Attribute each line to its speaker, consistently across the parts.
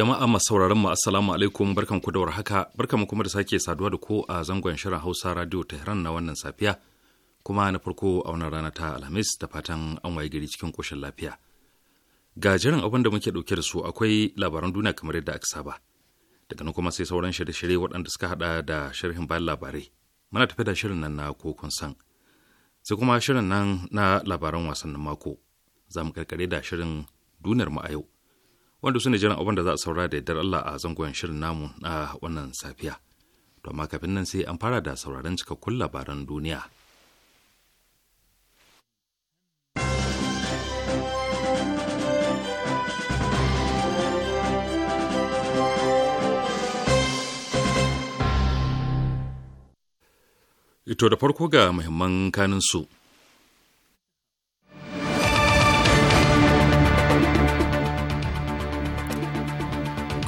Speaker 1: Jama'a masu sauraron mu assalamu alaikum ku da warhaka mu kuma da sake saduwa da ku a zangon shirin Hausa Radio Tehran na wannan safiya kuma na farko a wannan rana ta Alhamis da fatan an waye gari cikin koshin lafiya. Ga jiran abin da muke dauke da su akwai labaran duniya kamar yadda aka saba. Daga nan kuma sai sauran shirye-shirye waɗanda suka hada da sharhin bayan labarai. Muna tafi da shirin nan na ko kun san. Sai kuma shirin nan na labaran wasannin mako. Za mu karkare da shirin duniyar mu a yau. wanda su ne jiran abin da za a saura da yardar Allah a zangon shirin namu na wannan safiya. To amma kafin nan sai an fara da sauraron cikakkun labaran duniya. Ito da farko ga muhimman kanin su.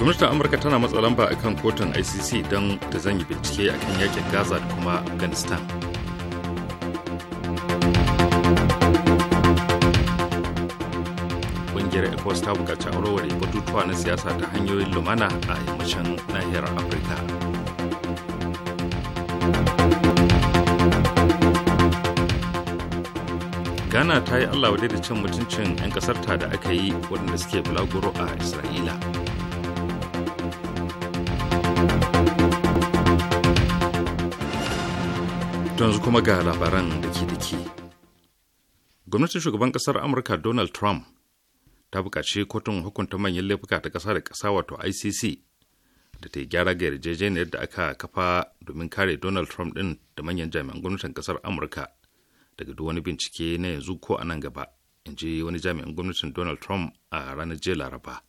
Speaker 1: gwamnatin amurka tana matsa lamba a kan kotun icc don ta zanyi bincike a kan yakin gaza da kuma afghanistan ƙungiyar ecos ta buƙaci aurowar batutuwa na siyasa ta hanyoyin lumana a yammacin nahiyar afirka ghana ta yi allah wadai da cin mutuncin 'yan ƙasarta da aka yi waɗanda suke bulaguro a isra'ila To yanzu kuma ga labaran da ke da ke. Gwamnatin shugaban kasar Amurka Donald Trump ta bukaci kotun hukunta manyan laifuka ta ƙasa da kasa wato ICC da ta yi gyara ga yarjejeniyar da aka kafa domin kare Donald Trump din da manyan jami'an gwamnatin kasar Amurka daga duk wani bincike na yanzu ko a nan gaba, in ji wani jami'an gwamnatin Donald Trump a ranar jiya Laraba.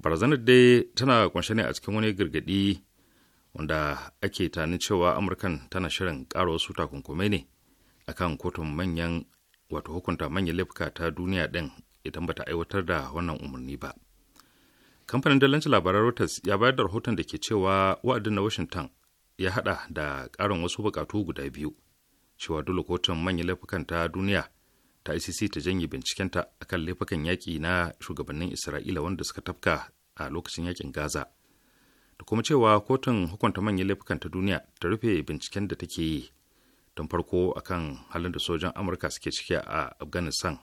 Speaker 1: Barazanar dai tana kunshe ne a cikin wani gargadi. wanda ake tani cewa amurkan tana shirin ƙara wasu takunkumai ne kan kotun manyan wato hukunta manyan laifuka ta duniya ɗin idan bata aiwatar da wannan umarni ba kamfanin dalancin labaran reuters ya bayar da rahoton da ke cewa wa'adin na washington ya hada da ƙarin wasu buƙatu guda biyu cewa dole kotun manyan laifukan ta duniya ta icc ta janye bincikenta akan laifukan yaƙi na shugabannin isra'ila wanda suka tafka a lokacin yaƙin gaza da kuma cewa kotun hukunta manyan laifukan ta duniya ta rufe binciken da take yi tun farko akan halin da sojan amurka suke ciki a afghanistan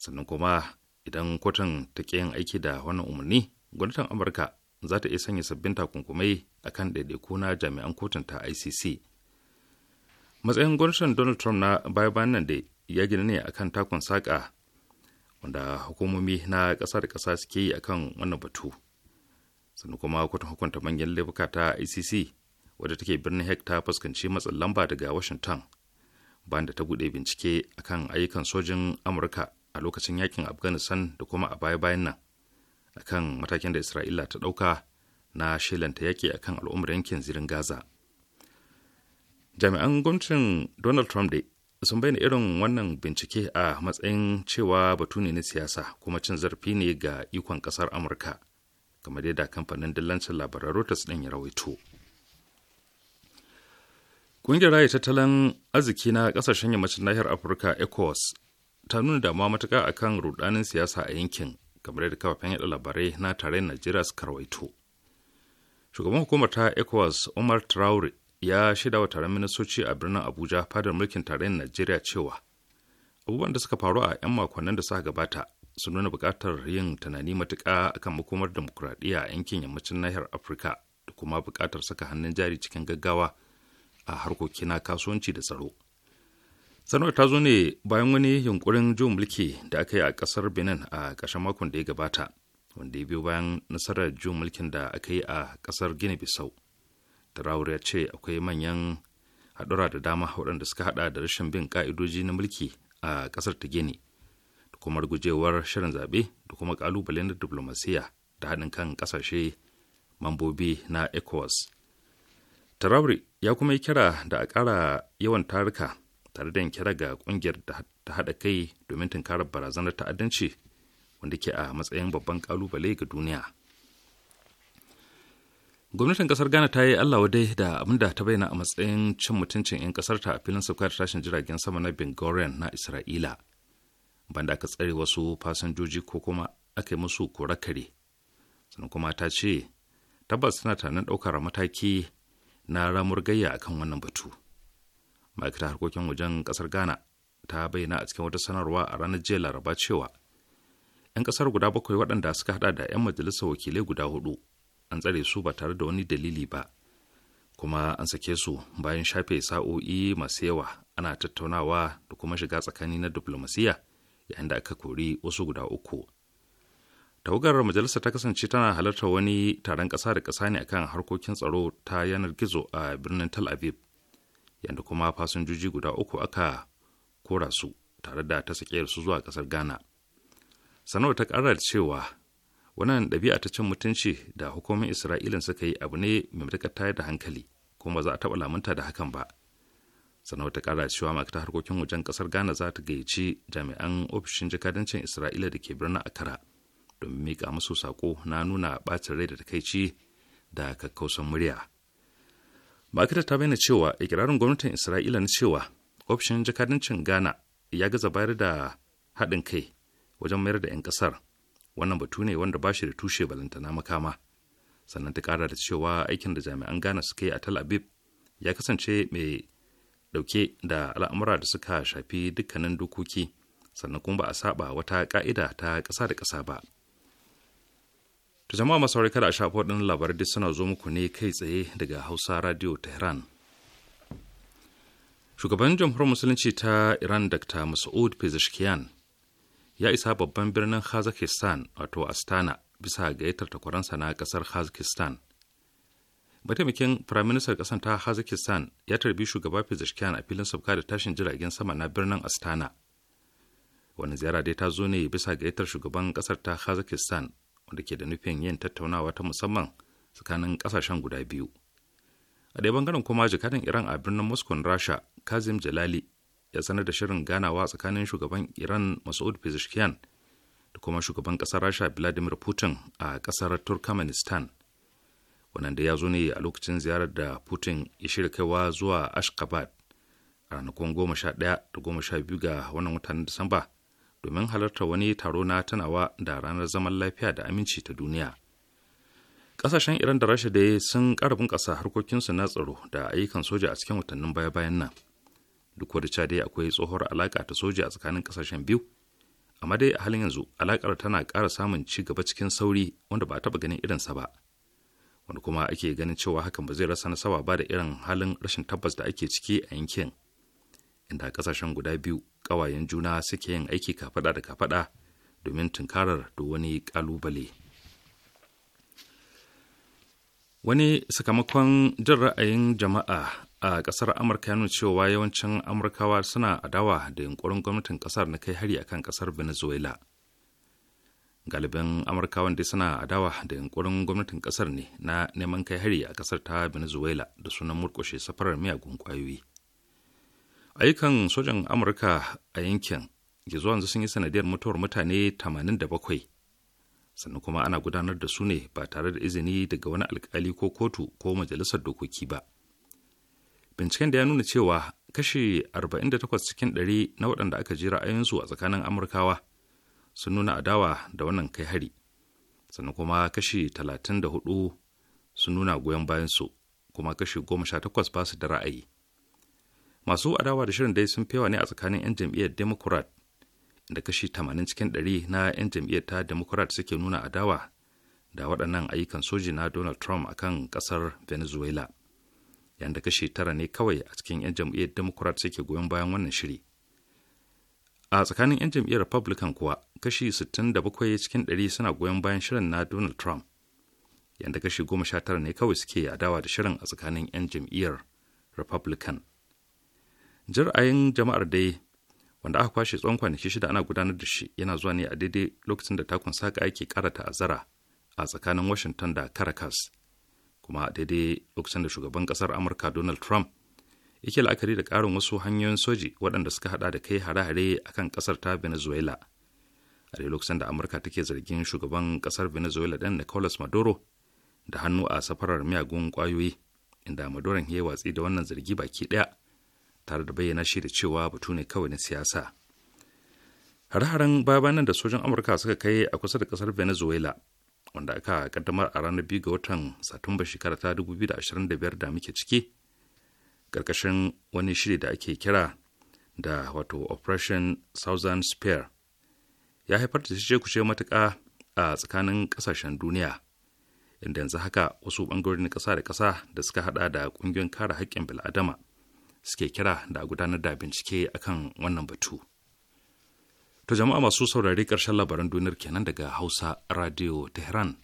Speaker 1: sannan kuma idan kotun ta yin aiki da wannan umarni gwamnatin amurka za ta iya sanya sabbin takunkumai akan ɗaiɗaiku na jami'an kotun ta icc matsayin gwamnatin donald trump na baya bayan nan da ya gina ne akan takun saƙa wanda hukumomi na ƙasa da ƙasa suke yi akan wannan batu sannu kuma kwatan hukunta manyan laifuka ta icc wadda take birnin hek ta fuskanci matsin lamba daga washington bayan da ta buɗe bincike akan ayyukan sojin amurka a lokacin yakin afghanistan da kuma a baya-bayan nan akan matakin da isra'ila ta dauka na shelanta yaki akan al'ummar yankin zirin gaza jami'an gwamnatin donald trump dai sun bayyana irin wannan bincike a matsayin cewa batu ne na siyasa kuma cin zarafi ne ga ikon kasar amurka kamar yadda kamfanin dillancin labaran Reuters ɗin ya rawaito. Ƙungiyar raya tattalin arziki na ƙasashen yammacin nahiyar Afirka ECOWAS ta nuna damuwa matuƙa a kan rudanin siyasa a yankin kamar yadda kafafen yaɗa labarai na tarayyar Najeriya suka rawaito. Shugaban hukumar ta ECOWAS Umar Traore ya shaida wa taron ministoci a birnin Abuja fadar mulkin tarayyar Najeriya cewa abubuwan da suka faru a 'yan makonnin da suka gabata sun nuna buƙatar yin tunani matuƙa akan makomar demokuraɗiyya a yankin yammacin nahiyar afirka da kuma bukatar saka hannun jari cikin gaggawa a harkoki na kasuwanci da tsaro sanarwar ta zo ne bayan wani yunkurin juyin mulki da aka yi a ƙasar benin a ƙarshen makon da ya gabata wanda ya biyo bayan nasarar juyin mulkin da aka yi a ƙasar gini bisau tarawar ya ce akwai manyan haɗura da dama waɗanda suka haɗa da rashin bin ƙa'idoji na mulki a ƙasar ta gini kumar kuma gujewar shirin zaɓe da kuma ƙalubale na diplomasiya da haɗin kan ƙasashe mambobi na ecowas Traore ya kuma yi kira da a ƙara yawan taruka tare da kira ga ƙungiyar ta haɗa kai domin tunkara barazanar ta'addanci wanda ke a matsayin babban kalubale ga duniya. Gwamnatin kasar Ghana ta yi Allah wadai da abin da ta bayyana a matsayin cin mutuncin 'yan ƙasarta a filin saukar tashin jiragen sama na bingoren na Isra'ila. banda aka tsare wasu fasinjoji ko kuma aka yi musu kore-kare sannan kuma ta ce tabbas tana tunanin ɗaukar mataki na ramur gayya akan wannan batu ma'aikata harkokin wajen ƙasar ghana ta bayyana a cikin wata sanarwa a ranar jiya laraba cewa 'yan ƙasar guda bakwai waɗanda suka hada da 'yan majalisar wakilai guda hudu an tsare su ba tare da wani dalili ba kuma an sake su bayan shafe sa'o'i masu yawa ana tattaunawa da kuma shiga tsakani na diflomasiyya yayin da aka kori wasu guda uku tawagar majalisa ta kasance tana halartar wani taron ƙasa da ƙasa ne akan harkokin tsaro ta yanar gizo a birnin tel aviv yadda kuma fasinjoji guda uku aka kora su tare da ta sake su zuwa ƙasar ghana sanarwar ta ƙara da cewa wannan ɗabi'a ta cin mutunci da hukumomin isra'ila suka yi abu ne mai matuƙar tayar da hankali kuma za a taɓa lamunta da hakan ba sannan wata kara cewa ma'aikatar harkokin wajen kasar ghana za ta gayyaci jami'an ofishin jakadancin isra'ila da ke birnin akara domin mika musu sako na nuna bacin rai da takaici da kakkausan murya ma'aikatar ta bayyana cewa ikirarin gwamnatin isra'ila na cewa ofishin jakadancin ghana ya gaza bayar da haɗin kai wajen mayar da 'yan kasar wannan batu ne wanda ba shi da tushe balantana makama sannan ta kara da cewa aikin da jami'an ghana suka yi a tel aviv ya kasance mai dauke da al'amura da suka shafi dukkanin dokoki sannan kuma ba a saba wata ka'ida ta ƙasa da ƙasa ba to jama'a masauri kada a shafo waɗannan labarai duk suna zo muku ne kai tsaye daga hausa radio tehran shugaban jamhuriyar musulunci ta iran dr masud pezeshkian ya isa babban birnin kazakistan wato astana bisa gayyatar takwaransa na ƙasar kazakistan mataimakin firaministan ƙasar ta hazakistan ya tarbi shugaba pezeshkian a filin sauka da tashin jiragen sama na birnin astana wani ziyara dai ta zo ne bisa gayyatar shugaban ƙasar ta hazakistan wanda ke da nufin yin tattaunawa ta musamman tsakanin kasashen guda biyu a dai bangaren kuma jakadan iran a birnin moscow rasha kazim jalali ya sanar da shirin ganawa tsakanin shugaban iran masoud pezeshkian da kuma shugaban ƙasar rasha vladimir putin a ƙasar turkmenistan wanda ya zo ne a lokacin ziyarar da putin ya shirya kaiwa zuwa ashgabat a ranakun goma sha ɗaya da goma sha biyu ga wannan watan disamba domin halartar wani taro na tunawa da ranar zaman lafiya da aminci ta duniya kasashen iran da rasha da sun ƙara bunƙasa harkokinsu na tsaro da ayyukan soja a cikin watannin baya-bayan nan duk da dai akwai tsohuwar alaka ta soja a tsakanin kasashen biyu amma dai a halin yanzu alakar tana kara samun ci gaba cikin sauri wanda ba a taɓa ganin irinsa ba wanda kuma ake ganin cewa hakan ba zai rasa nasawa ba da irin halin rashin tabbas da ake ciki a yankin inda kasashen guda biyu ƙawayen juna suke yin aiki kafada da kafada domin tunkarar da wani ƙalubale wani sakamakon jin ra'ayin jama'a a kasar amurka ya cewa yawancin amurkawa suna adawa da yunkurin gwamnatin ƙasar na kai hari akan ƙasar venezuela galibin amurkawan dai suna adawa da yunkurin gwamnatin kasar ne na neman kai hari a kasar ta venezuela da sunan murkushe safarar miyagun kwayoyi ayyukan sojan amurka a yankin ke zuwa sun yi sanadiyar mutuwar mutane 87 sannan kuma ana gudanar da su ne ba tare da izini daga wani alkali ko kotu ko majalisar dokoki ba binciken da ya nuna cewa kashi 48 cikin 100 na waɗanda aka ji ra'ayinsu a tsakanin amurkawa sun nuna adawa da wannan kai hari sannan kuma kashi 34 sun nuna goyon bayansu kuma kashi 18 ba su da ra'ayi masu adawa da shirin dai sun fewa ne a tsakanin 'yan jam'iyyar democrat da kashi 80 cikin na 'yan jam'iyyar ta democrat suke nuna adawa da waɗannan ayyukan soji na donald trump a kan ƙasar venezuela yanda kashi tara ne kawai a cikin 'yan jam'iyyar democrat suke goyon bayan wannan shiri a tsakanin 'yan jam'iyyar republican kuwa kashi 67 cikin 100 suna goyon bayan shirin na donald trump yadda kashi 19 ne kawai suke adawa da shirin a tsakanin 'yan jam'iyyar republican jira'ayin jama'ar dai wanda aka kwashe tsawon kwanaki shida ana gudanar da shi yana zuwa ne a daidai lokacin da takun saka ake kara ta'azzara a tsakanin washington da caracas kuma daidai lokacin da shugaban kasar amurka donald trump yake la'akari da ƙarin wasu hanyoyin soji waɗanda suka haɗa da kai hare-hare a kan ƙasar ta venezuela a dai lokacin da amurka take zargin shugaban ƙasar venezuela ɗin nicolas maduro da hannu a safarar miyagun ƙwayoyi inda madoron ya watsi da wannan zargi baki ɗaya tare da bayyana shi da cewa batu ne kawai na siyasa hare-haren babanan da sojin amurka suka kai a kusa da ƙasar venezuela wanda aka kaddamar a ranar biyu ga watan satumba shekara ta 2025 da muke ciki karkashin wani shiri da ake kira da wato operation southern spear ya haifar da ce kushe matuƙa a tsakanin ƙasashen duniya inda yanzu haka wasu ɓangarorin ƙasa da ƙasa da suka haɗa da ƙungiyar kare haƙƙin bil'adama suke kira da gudanar da bincike akan wannan batu. To jama'a masu saurari ƙarshen labaran duniyar kenan daga Hausa Radio Tehran.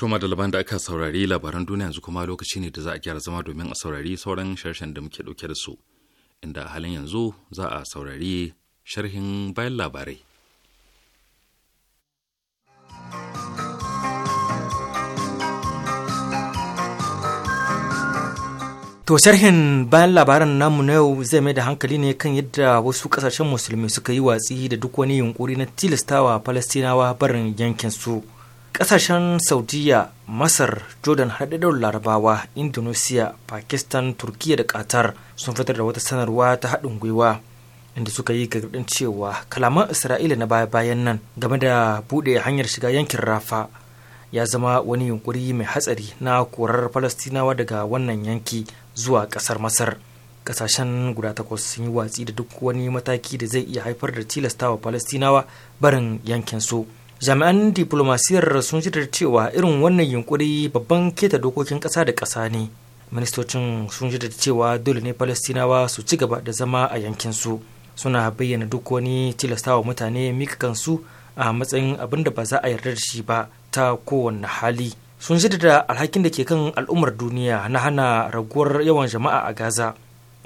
Speaker 1: Toma da laban da aka saurari labaran duniya yanzu kuma lokaci ne da za a gyara zama domin a saurari sauran sharshen da muke ɗauke da su, inda halin yanzu za a saurari sharhin bayan labarai.
Speaker 2: To sharhin bayan labaran namu na yau zai mai da hankali ne kan yadda wasu kasashen musulmi suka yi watsi da duk wani yunkuri na tilastawa Falastinawa barin yankin su. kasashen saudiya masar jordan haɗaɗɗen larabawa indonesia pakistan turkiya da qatar sun fitar da wata sanarwa ta haɗin gwiwa inda suka yi gargaɗin cewa kalaman isra'ila na baya-bayan nan game da buɗe hanyar shiga yankin rafa ya zama wani yunkuri mai hatsari na korar falastinawa daga wannan yanki zuwa ƙasar masar ƙasashen guda takwas sun yi watsi da duk wani mataki da zai iya haifar da tilastawa falastinawa barin yankin su jami'an diplomasiyar sun shirya cewa irin wannan yunkuri babban keta dokokin ƙasa da ƙasa ne ministocin sun shirya cewa dole ne falastinawa su ci gaba da zama a yankinsu suna bayyana duk wani tilastawa mutane mika kansu a matsayin abin da ba za a yarda da shi ba ta kowane hali sun ji da alhakin da ke kan al'ummar duniya na hana raguwar yawan jama'a a gaza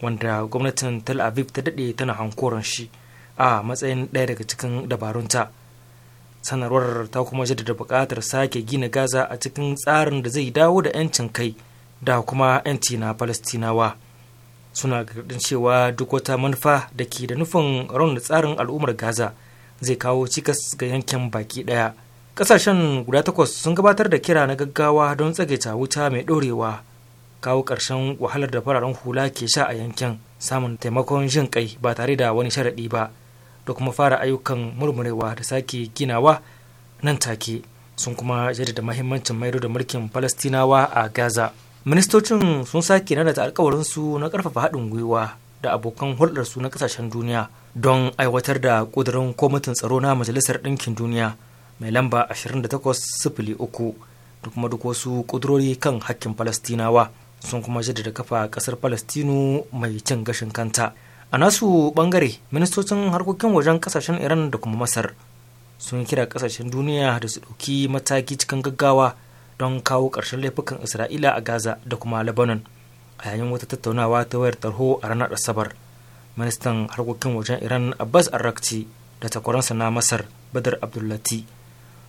Speaker 2: wanda gwamnatin tel aviv ta daɗe tana hankoron shi a matsayin ɗaya daga cikin dabarunta sanarwar ta kuma jaddada buƙatar sake gina gaza a cikin tsarin da zai dawo da 'yancin kai da kuma 'yanci na falastinawa suna gargaɗin cewa duk wata manufa da ke da nufin rauna tsarin al'ummar gaza zai kawo cikas ga yankin baki ɗaya ƙasashen guda takwas sun gabatar da kira na gaggawa don tsage ta wuta mai ɗorewa kawo ƙarshen wahalar da fararen hula ke sha a yankin samun taimakon jin kai ba tare da wani sharaɗi ba da kuma fara ayyukan murmurewa da sake ginawa nan take sun kuma jaddada mahimmancin maido da mulkin falastinawa a gaza ministocin sun sake nada da alkawarinsu na karfafa haɗin gwiwa da abokan hulɗarsu na ƙasashen duniya don aiwatar da ƙudurin kwamitin tsaro na majalisar ɗinkin duniya mai lamba 28.3 da kuma duk wasu ƙudurori kan hakkin falastinawa sun kuma jaddada kafa ƙasar falastinu mai cin gashin kanta a nasu bangare ministocin harkokin wajen kasashen iran da kuma masar sun kira kasashen duniya da su ɗauki mataki cikin gaggawa don kawo ƙarshen laifukan isra'ila a gaza da kuma lebanon a yayin wata tattaunawa ta wayar tarho a ranar asabar ministan harkokin wajen iran abbas arrakci da takwaransa na masar badar abdullati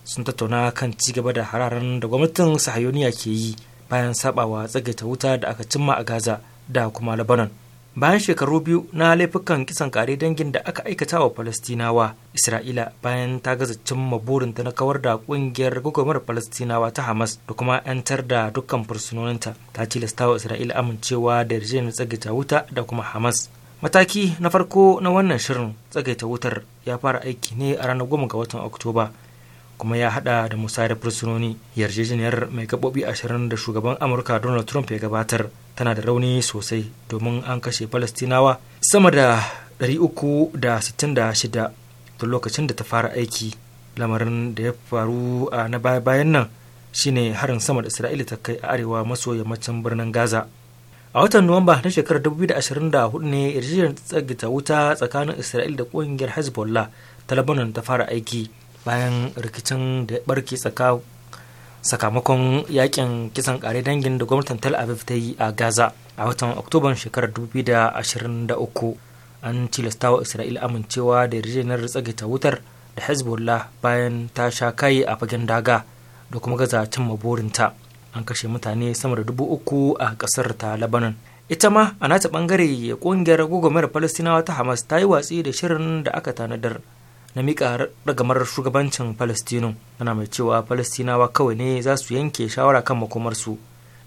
Speaker 2: sun tattauna kan ci gaba da hararen da gwamnatin sahayoniya ke yi bayan sabawa tsagaita wuta da aka cimma a gaza da kuma lebanon bayan shekaru biyu na laifukan kisan kare dangin da aka aikata wa falastinawa isra'ila bayan ta gaza cimma burinta na kawar da kungiyar gwagwarmar falastinawa ta hamas da kuma 'yantar da dukkan fursunoninta ta tilasta wa isra'ila amincewa da yarjejeniyar tsagaita wuta da kuma hamas mataki na farko na wannan shirin tsagaita wutar ya fara aiki ne a ranar goma ga watan oktoba kuma ya hada da musayar fursunoni yarjejeniyar mai gaɓoɓi ashirin da shugaban amurka donald trump ya gabatar tana da rauni sosai domin an kashe falastinawa sama da 366 tun lokacin da ta fara aiki lamarin da ya faru a na baya-bayan nan shine harin sama da isra'ila ta kai a arewa maso yammacin birnin gaza a watan nuwamba na shekarar 2024 ne yarjejeniyar tsagita wuta tsakanin isra'il da ƙungiyar hezbollah ta lebanon ta fara aiki bayan rikicin da ya barke tsakanin sakamakon yakin kisan kare dangin da gwamnatin tel aviv ta yi a gaza a watan oktoban shekarar 2023 an tilasta wa isra'il amincewa da yarjejeniyar tsagaita wutar da hezbollah bayan ta sha kai a fagen daga da kuma gaza cimma burinta an kashe mutane sama da dubu uku a kasar ta labanan ita ma a nata bangare kungiyar gwagwarmayar falastinawa ta hamas ta yi watsi da shirin da aka tanadar na mika ragamar shugabancin palestinu yana mai cewa palestinawa kawai ne za su yanke shawara kan makomarsu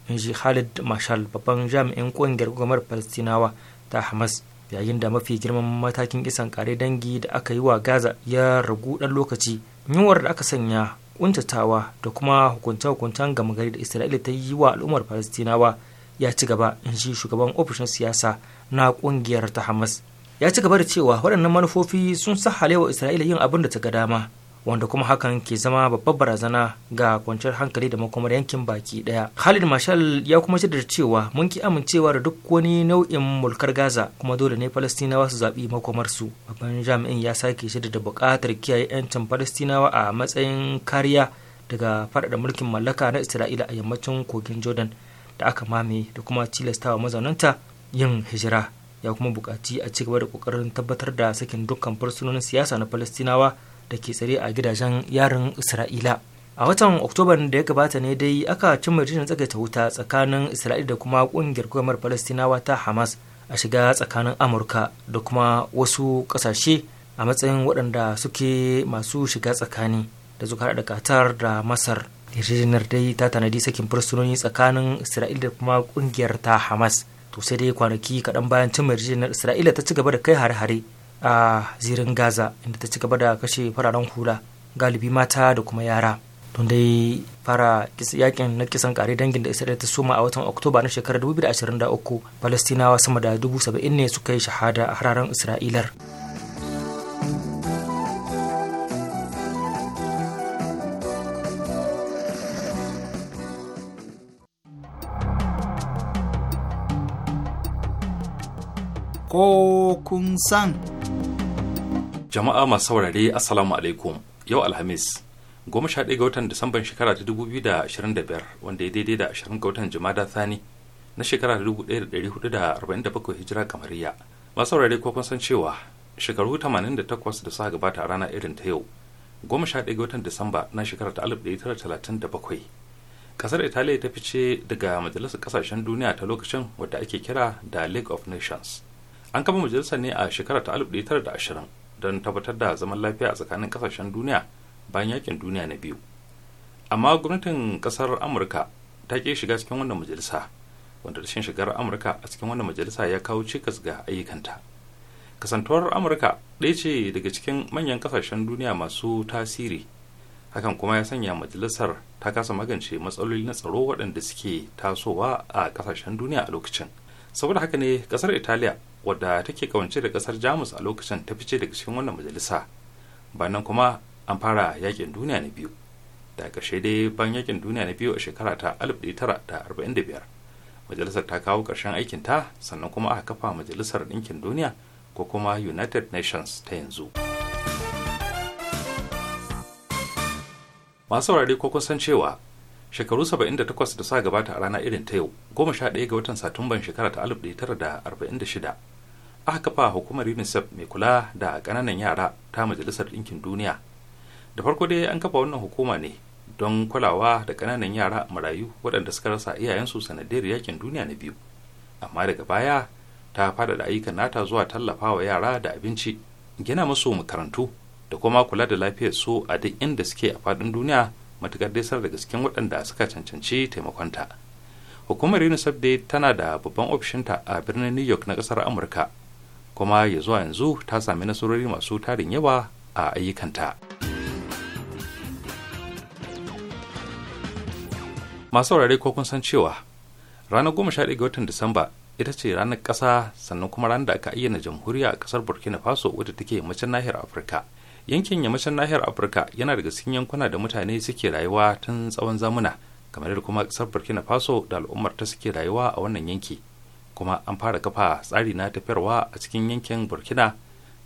Speaker 2: in ji khalid marshal babban jami'in ƙungiyar gwamnatin palestinawa ta hamas yayin da mafi girman matakin isan kare dangi da aka yi wa gaza ya ragu dan lokaci yunwar da aka sanya kuntatawa da kuma hukunce-hukuncen gama gari da isra'ila ta yi wa al'ummar palestinawa ya ci gaba in ji shugaban ofishin siyasa na kungiyar ta hamas ya ci gaba da cewa waɗannan manufofi sun sa wa isra'ila yin abin da ta ga dama wanda kuma hakan ke zama babbar barazana ga kwanciyar hankali da makomar yankin baki daya khalid marshal ya kuma jaddada cewa mun ki amincewa da duk wani nau'in mulkar gaza kuma dole ne falastinawa su zaɓi makomarsu babban jami'in ya sake da buƙatar kiyaye 'yancin falastinawa a matsayin kariya daga faɗaɗa mulkin mallaka na isra'ila a yammacin kogin jordan da aka mame da kuma tilastawa mazaunanta yin hijira ya kuma bukaci a ci gaba da kokarin tabbatar da sakin dukkan fursunonin siyasa na falastinawa da ke tsare a gidajen yarin isra'ila a watan oktobar da ya gabata ne dai aka cimma yarjejeniyar tsakaita wuta tsakanin isra'ila da kuma kungiyar gwamnatin falastinawa ta hamas a shiga tsakanin amurka da kuma wasu kasashe a matsayin waɗanda suke masu shiga tsakani da suka da katar da masar yarjejeniyar dai ta tanadi sakin fursunoni tsakanin isra'ila da kuma kungiyar ta hamas to sai dai kwanaki kaɗan bayan cin yarjejeniyar isra'ila ta ci gaba da kai hare-hare a zirin gaza inda ta ci gaba da kashe fararen hula galibi mata da kuma yara don dai fara yakin na kisan kare dangin da isra'ila ta soma a watan oktoba na shekarar 2023 falastinawa sama da 70,000 ne suka yi shahada a hararen isra'ilar
Speaker 3: ko kun san.
Speaker 1: Jama'a masu saurare Assalamu alaikum yau Alhamis goma sha ɗaya ga watan Disamban shekara ta dubu biyu da ashirin da biyar wanda ya daidai da ashirin ga watan Jumada Thani na shekara ta dubu ɗaya da ɗari hudu da arba'in da bakwai hijira kamariya. Masu saurare ko kun san cewa shekaru tamanin da takwas da suka gabata a rana irin ta yau goma sha ɗaya ga watan Disamba na shekara ta alif ɗaya tara talatin da bakwai. Kasar Italiya ta fice daga majalisar ƙasashen duniya ta lokacin wadda ake kira da League of Nations. an kama majalisa ne a shekara ta da ashirin don tabbatar da zaman lafiya a tsakanin kasashen duniya bayan yakin duniya na biyu amma gwamnatin kasar amurka ta ke shiga cikin wannan majalisa wanda rashin shigar amurka a cikin wannan majalisa ya kawo cikas ga ayyukanta kasantuwar amurka ɗaya ce daga cikin manyan kasashen duniya masu tasiri hakan kuma ya sanya majalisar ta kasa magance matsaloli na tsaro waɗanda suke tasowa a kasashen duniya a lokacin saboda haka ne kasar italiya wadda take kawance da kasar jamus a lokacin ta fice daga cikin wannan majalisa bayan kuma an fara yakin duniya na biyu da ƙarshe dai ban yakin duniya na biyu a shekara ta 1945 majalisar ta kawo ƙarshen aikin ta sannan kuma aka kafa majalisar ɗinkin duniya ko kuma united nations ta yanzu masu wurare ko kusan cewa shekaru 78 da sa gabata a rana irin ta yau goma sha ɗaya ga watan satumban shekara ta 1946 aka kafa hukumar unicef mai kula da ƙananan yara ta majalisar ɗinkin duniya da farko dai an kafa wannan hukuma ne don kulawa da ƙananan yara marayu waɗanda suka rasa iyayensu sanadiyar yakin duniya na biyu amma daga baya ta faɗaɗa ayyukan nata zuwa tallafa wa yara da abinci gina musu makarantu da kuma kula da lafiyar su a duk inda suke a faɗin duniya matukar dai sanar da gasken waɗanda suka cancanci taimakonta hukumar unicef dai tana da babban ofishinta a birnin new york na ƙasar amurka kuma ya zuwa yanzu ta sami nasarori masu tarin yawa a ayyukanta masu saurare ko kun san cewa ranar goma sha ga watan disamba ita ce ranar ƙasa sannan kuma ranar da aka ayyana jamhuriya a ƙasar burkina faso wadda take yammacin nahiyar afirka yankin yammacin nahiyar afirka yana daga cikin yankuna da mutane suke rayuwa tun tsawon zamuna kamar da kuma ƙasar burkina faso da al'ummar ta suke rayuwa a wannan yanki kuma an fara kafa tsari na tafiyarwa a cikin yankin burkina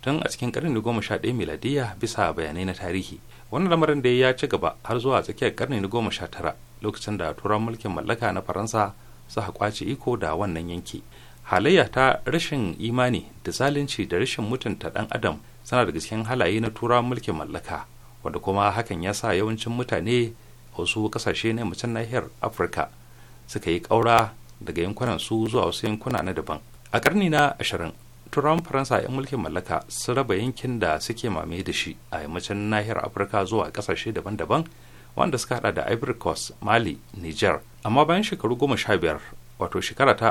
Speaker 1: tun a cikin karni goma sha ɗaya miladiyya bisa bayanai na tarihi wannan lamarin da ya ci gaba har zuwa tsakiyar karni na goma sha tara lokacin da turan mulkin mallaka na faransa suka kwace iko da wannan yanki halayya ta rashin imani da zalunci da rashin mutunta ɗan adam suna daga cikin halaye na Tura mulkin mallaka wanda kuma hakan ya sa yawancin mutane a wasu kasashe na yammacin nahiyar afirka suka yi ƙaura daga yankunan su zuwa wasu yankuna na daban a ƙarni na ashirin turawan faransa 'yan mulkin mallaka sun raba yankin da suke mame da shi a yammacin nahiyar afirka zuwa kasashe daban-daban wanda suka hada da ivory coast mali niger amma bayan shekaru goma sha biyar wato shekara ta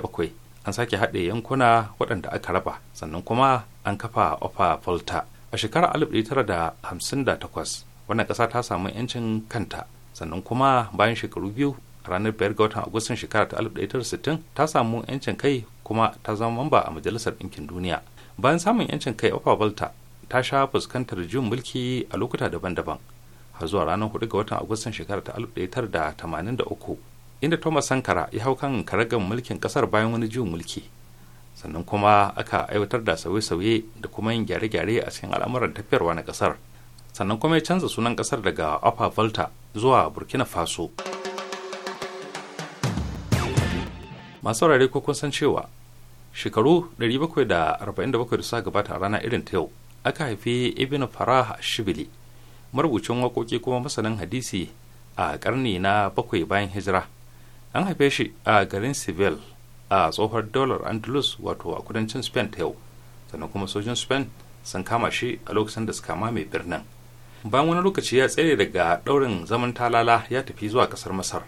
Speaker 1: bakwai. an sake haɗe yankuna waɗanda aka raba sannan kuma an kafa ofa volta a shekarar 1958 wannan ƙasa ta samu 'yancin kanta sannan kuma bayan shekaru biyu ranar biyar ga watan agustan shekara ta 1960 ta samu 'yancin kai kuma ta zama mamba a majalisar ɗinkin duniya bayan samun 'yancin kai ofa volta ta sha fuskantar jin mulki a lokuta daban-daban har zuwa ranar 4 ga watan agustan shekara ta 1983 inda thomas sankara ya hau kan karagan mulkin kasar bayan wani juyin mulki sannan kuma aka aiwatar da sauye-sauye da kuma yin gyare-gyare a cikin al'amuran tafiyarwa na kasar sannan kuma ya canza sunan kasar daga upper volta zuwa burkina faso masu saurare ko kun san cewa shekaru 747 da suka gabata a rana irin ta yau aka haifi ibn farah shibili marubucin waƙoƙi kuma masanin hadisi a karni na bakwai bayan hijira an haife shi a garin seville a tsohon dollar andalus wato a kudancin spain ta yau sannan kuma sojin spain sun kama shi a lokacin da suka mame birnin bayan wani lokaci ya tsere daga daurin zaman talala ya tafi zuwa kasar masar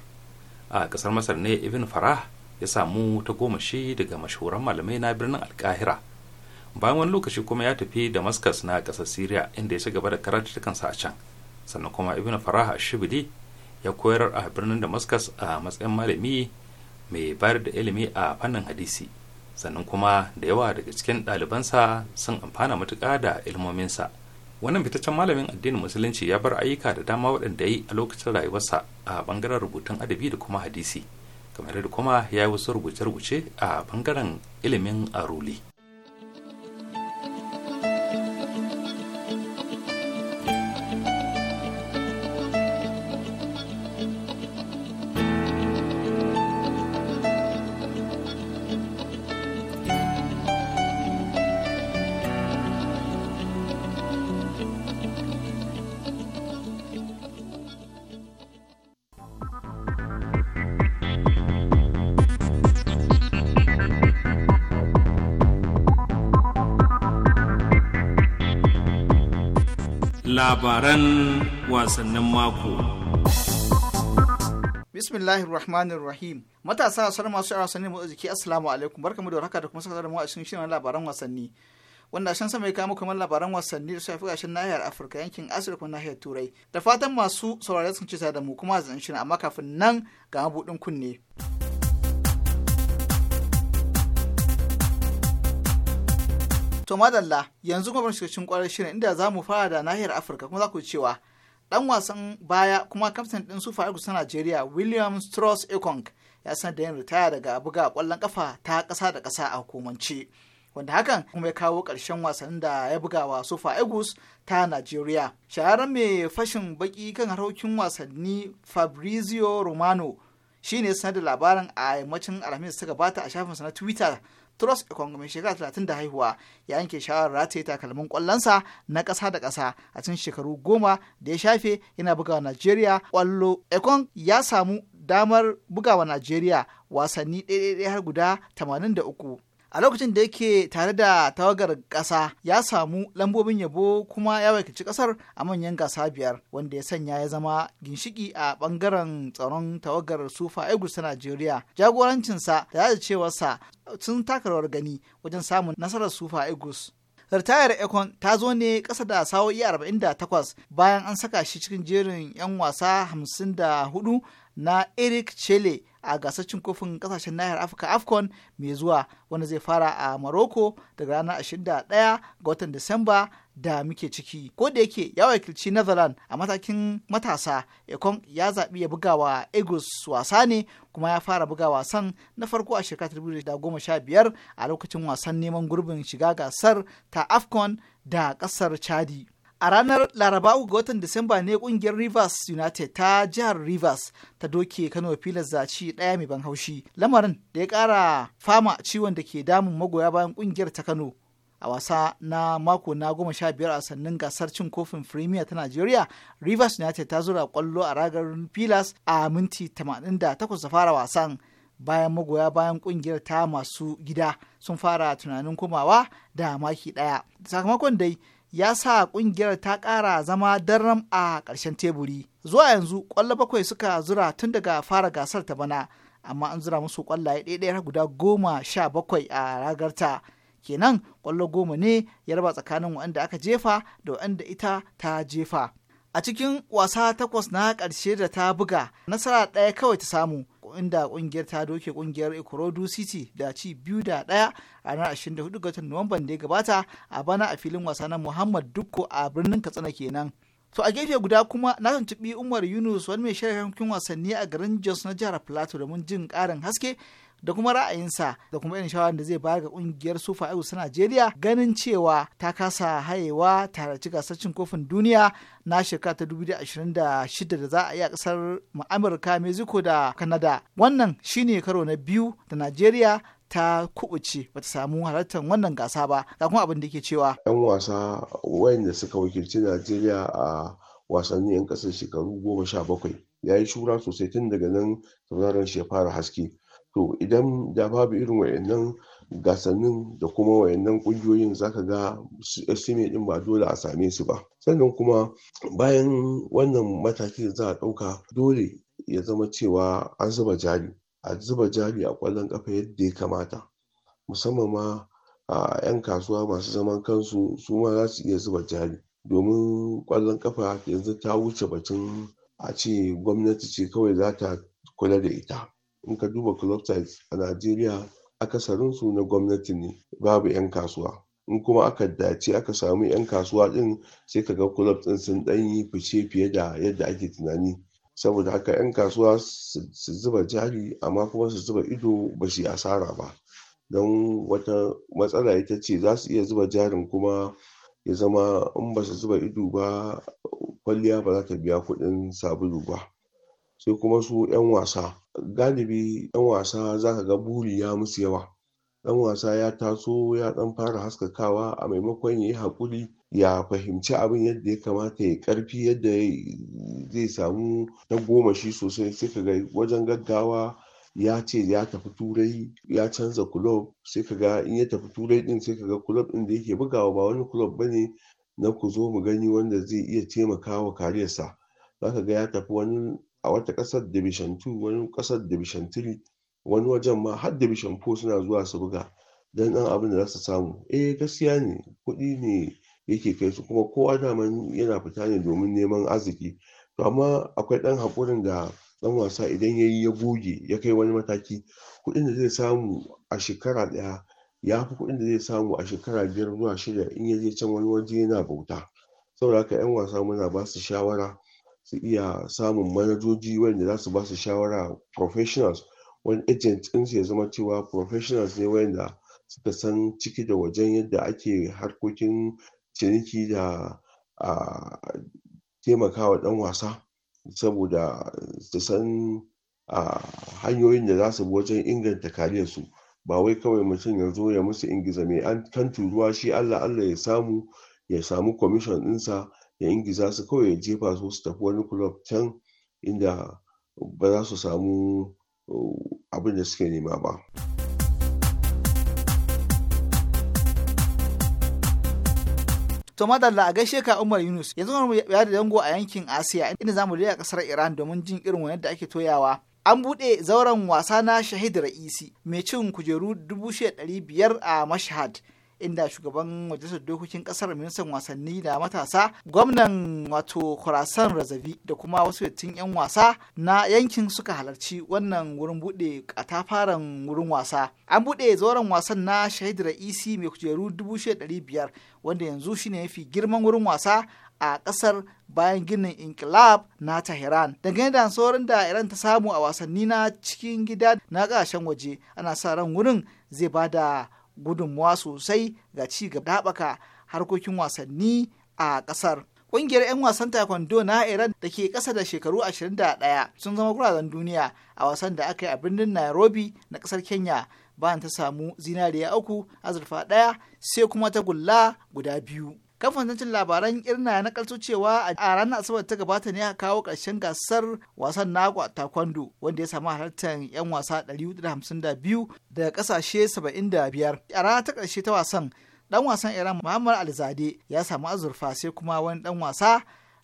Speaker 1: a kasar masar ne ibn farah ya samu ta goma shi daga mashahuran malamai na birnin alkahira bayan wani lokaci kuma ya tafi damascus na kasar syria inda ya ci gaba da karatukansa a can sannan kuma ibn farah shibili ya koyar a birnin damascus a matsayin malami mai bayar da ilimi a fannin hadisi sannan kuma da yawa daga cikin ɗalibansa sun amfana matuƙa da ilmominsa wannan fitaccen malamin addinin musulunci ya bar ayyuka da dama waɗanda ya yi a lokacin rayuwarsa a ɓangaren rubutun adabi da kuma hadisi kamar da kuma ya yi wasu rubuce-rubuce a ɓangaren ilimin aruli labaran wasannin mako.
Speaker 3: Bismillahir Rahmanir Rahim. Matasa sanar masu yara wasannin motsa jiki Assalamu alaikum. Barkamu da warhaka da kuma saka da mu a cikin shirin labaran wasanni. Wanda shan sama ya kawo muku kamar labaran wasanni da shafi gashin nahiyar Afirka yankin Asiya kuma nahiyar Turai. Da fatan masu saurare sun ci da mu kuma zan shirin amma kafin nan ga mabudin kunne. To madalla yanzu kuma cikin kwarar shirin inda za mu fara da nahiyar Afirka kuma za ku cewa dan wasan baya kuma kaftan din su Eagles na Najeriya William Strauss Ekong ya sanar da yin ritaya daga buga kwallon kafa ta kasa da kasa a hukumance. Wanda hakan kuma ya kawo ƙarshen wasannin da ya buga wa Sufa Egus ta Najeriya. Shahararren mai fashin baki kan harkokin wasanni Fabrizio Romano shine sanar da labarin a yammacin Alhamis ta gabata a shafinsa na Twitter Truss Ekong mai shekara talatin da haihuwa ya yanke shawarar rataye takalmin kwallonsa na ƙasa da ƙasa a cikin shekaru goma da ya shafe yana bugawa Najeriya kwallo. Ekong ya samu damar bugawa Najeriya wasanni ɗaya har guda tamanin da uku. a lokacin da yake tare da tawagar ƙasa ya samu lambobin yabo kuma ya waikaci ƙasar a manyan gasa biyar wanda ya sanya ya zama ginshiki a ɓangaren tsaron tawagar sufa egus ta najeriya jagorancinsa da yaji cewarsa sun taka rawar gani wajen samun nasarar sufa egus ritayar ekon ta zo ne ƙasa da sawo'i 48 bayan an saka shi cikin jerin 'yan wasa 54 na eric chele a gasar cin kofin kasashen nahiyar afirka afcon mai zuwa wanda zai fara a maroko daga ranar 21 ga watan disamba da muke ciki ko da yake ya wakilci netherland a matakin matasa ekon ya zaɓi ya buga wa eagles wasa ne kuma ya fara buga wasan na farko a shekara 2015 a lokacin wasan neman gurbin shiga gasar ta afcon da ƙasar chadi a ranar laraba uku ga watan disamba ne kungiyar rivers united ta jihar rivers ta doke kano filas zaci daya mai ban haushi lamarin da ya kara fama ciwon da ke damun magoya bayan kungiyar ta kano a wasa na mako na goma sha biyar a sannan gasar cin kofin firimiya ta najeriya rivers united ta zura kwallo a ragar filas a minti 88 da fara wasan bayan magoya bayan kungiyar ta masu gida sun fara tunanin komawa da maki ɗaya, sakamakon dai ya sa ƙungiyar ta ƙara zama daram a ƙarshen teburi. Zuwa yanzu ƙwallo bakwai suka zura tun daga fara gasar ta bana, amma an zura musu ƙwallaye ɗaya har guda goma sha bakwai a ragarta. Kenan ƙwallo goma ne ya raba tsakanin wanda aka jefa da waɗanda ita ta jefa. a cikin wasa takwas na ƙarshe da ta buga nasara ɗaya kawai ta samu inda ƙungiyar ta doke kungiyar ikorodu city da ci biyu da ɗaya a ranar 24 ga nuwamban da ya gabata a bana a filin wasa na muhammad dukko a birnin katsina kenan to a gefe guda kuma na tuntuɓi umar yunus wani mai shirya wasanni a garin jos na jihar plateau domin jin ƙarin haske da kuma ra'ayinsa da kuma irin shawarar da zai bayar ga kungiyar sufa eagles ta najeriya ganin cewa ta kasa hayewa tare ci gasar cin kofin duniya na shekara ta 2026 da za a yi a kasar amurka mexico da canada wannan shine karo na biyu da najeriya ta kubuce bata samu halartar wannan gasa ba ga kuma abin da ke cewa
Speaker 4: yan wasa wayanda suka wakilci najeriya a wasannin yan kasar shekaru goma sha bakwai ya yi shura sosai tun daga nan sauraron shi ya fara haske to idan da babu irin wayannan gasannin da kuma wayannan kungiyoyin zaka ga estimate din ba dole a same su ba sannan kuma bayan wannan mataki za a ɗauka dole ya zama cewa an zuba jari a zuba jari a kwallon kafa yadda ya kamata musamman ma a 'yan kasuwa masu zaman kansu su ma za su iya zuba jari domin ƙwallon kafa yanzu ta wuce batun a ce gwamnati ce kawai za ta kula da ita in ka duba club size a Najeriya su na gwamnati ne babu 'yan kasuwa in kuma aka dace aka samu 'yan kasuwa din sai ka ga club din sun ɗan yi fice fiye da yadda ake tunani saboda haka 'yan kasuwa su zuba jari amma kuma su zuba ido ba su asara ba don wata matsala ita ce za su iya zuba jarin kuma ya zama in ba su zuba ido ba kwalliya ba za ta biya kuɗin sabulu ba sai kuma su 'yan wasa galibi 'yan wasa za ka ga buri ya musu yawa ɗan wasa ya taso ya ɗan fara haskakawa a maimakon ya yi haƙuri ya fahimci abin yadda ya kamata ya karfi yadda zai samu na goma shi sosai sai ka ga wajen gaggawa ya ce ya tafi turai ya canza kulob sai ka ga in ya tafi turai din sai ka ga kulob ɗin da yake bugawa ba wani kulob ba ne na ku zo mu gani wanda zai iya taimakawa kariyarsa za ka ga ya tafi wani a wata ƙasar division 2 wani ƙasar division 3 wani wajen ma har division 4 suna zuwa su buga don ɗan abin da za su samu eh gaskiya ne kuɗi ne yake kai su kuma kowa daman yana fita ne domin neman arziki to amma akwai ɗan haƙurin da ɗan wasa idan ya yi ya goge ya kai wani mataki kuɗin da zai samu a shekara ɗaya ya fi kuɗin da zai samu a shekara biyar zuwa shida in ya je can wani waje yana bauta saboda haka 'yan wasa muna ba su shawara su iya samun manajoji wanda za su ba su shawara professionals wani agent din su ya zama cewa professionals ne wanda suka san ciki da wajen yadda ake harkokin ciniki da a taimakawa dan wasa saboda su san a hanyoyin da za su bi wajen inganta kariyar su ba wai kawai mutum ya zo ya musu ingiza mai an kan turuwa shi allah allah ya samu ya samu commission ɗinsa ya ingiza su kawai ya jefa su su tafi wani club can inda ba za su samu uh, abin da suke nema ba.
Speaker 3: To madalla a gaishe ka Umar Yunus yanzu mu ya da dango a yankin Asiya inda zamu je a kasar Iran domin jin irin wani da ake toyawa. An bude zauren wasa na Shahid Ra'isi mai cin kujeru 1500 a Mashhad inda shugaban majalisar dokokin kasar ministan wasanni da matasa gwamnan wato kurasan razabi da kuma wasu yattun 'yan wasa na yankin suka halarci wannan wurin bude katafaren wurin wasa an bude zauren wasan na shahid ra'isi mai kujeru 1500 wanda yanzu shine mafi girman wurin wasa a kasar bayan ginin inkilab na tehran dangane da saurin da iran ta samu a wasanni na cikin gida na kasashen waje ana sa ran wurin zai bada gudunmuwa sosai ga ci gaba haɓaka harkokin wasanni a ƙasar. Ƙungiyar 'yan wasan taekwondo na Iran da ke ƙasa da shekaru 21 sun zama guraren duniya a wasan da aka yi a birnin Nairobi na ƙasar Kenya bayan ta samu zinariya uku azurfa ɗaya sai kuma ta gulla guda biyu. kamfanin cin labaran irna na kalso cewa a ranar asabar ta gabata ne a kawo ƙarshen gasar wasan na taekwondo wanda ya samu halartar 'yan wasa 152 daga ƙasashe 75 a rana ta ƙarshe ta wasan ɗan wasan iran muhammad alzade ya samu azurfa sai kuma wani dan wasa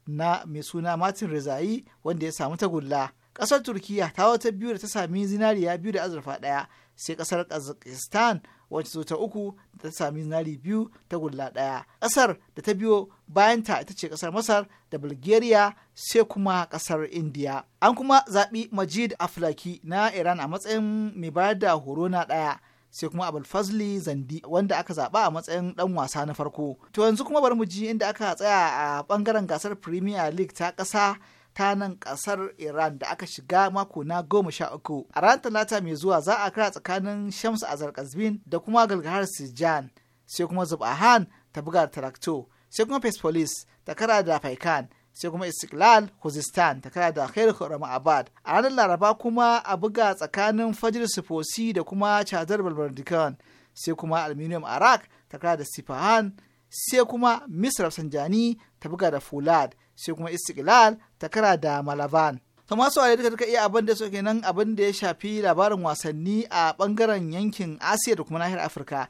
Speaker 3: na mai suna martin rizayi wanda ya samu tagulla ƙasar turkiya ta wata biyu da ta sami zinariya biyu da azurfa ɗaya sai ƙasar kazakhstan wacce zo ta uku da ta sami zinari biyu ta gulla ɗaya ƙasar da ta biyo bayanta ita ce ƙasar masar da bulgaria sai kuma ƙasar indiya an kuma zaɓi majid aflaki na iran a matsayin mai bayar da horo na ɗaya sai kuma abulfazli zandi wanda aka zaɓa a matsayin ɗan wasa na farko to yanzu kuma bari mu ji inda aka tsaya a ɓangaren gasar premier league ta ƙasa ta nan kasar Iran da aka shiga mako na goma sha uku. A ranar Talata mai zuwa za a kira tsakanin Shamsu Azar Kazbin da kuma Galgahar Sijan, sai kuma Zubahan ta buga Tarakto, sai kuma Police ta kara da Faikan, sai kuma Istiklal Khuzistan ta kara da Khair Abad. A ranar Laraba kuma a buga tsakanin Fajr Sifosi da kuma Chadar Balbardikan, sai kuma Aluminium Arak ta kara da Sifahan, sai kuma Misr Sanjani ta buga da Fulad, sai kuma Istiklal takara da malaban to masu wale duka duka iya abin da suke nan abin da ya shafi labarin wasanni a bangaren yankin asiya da kuma nahiyar afirka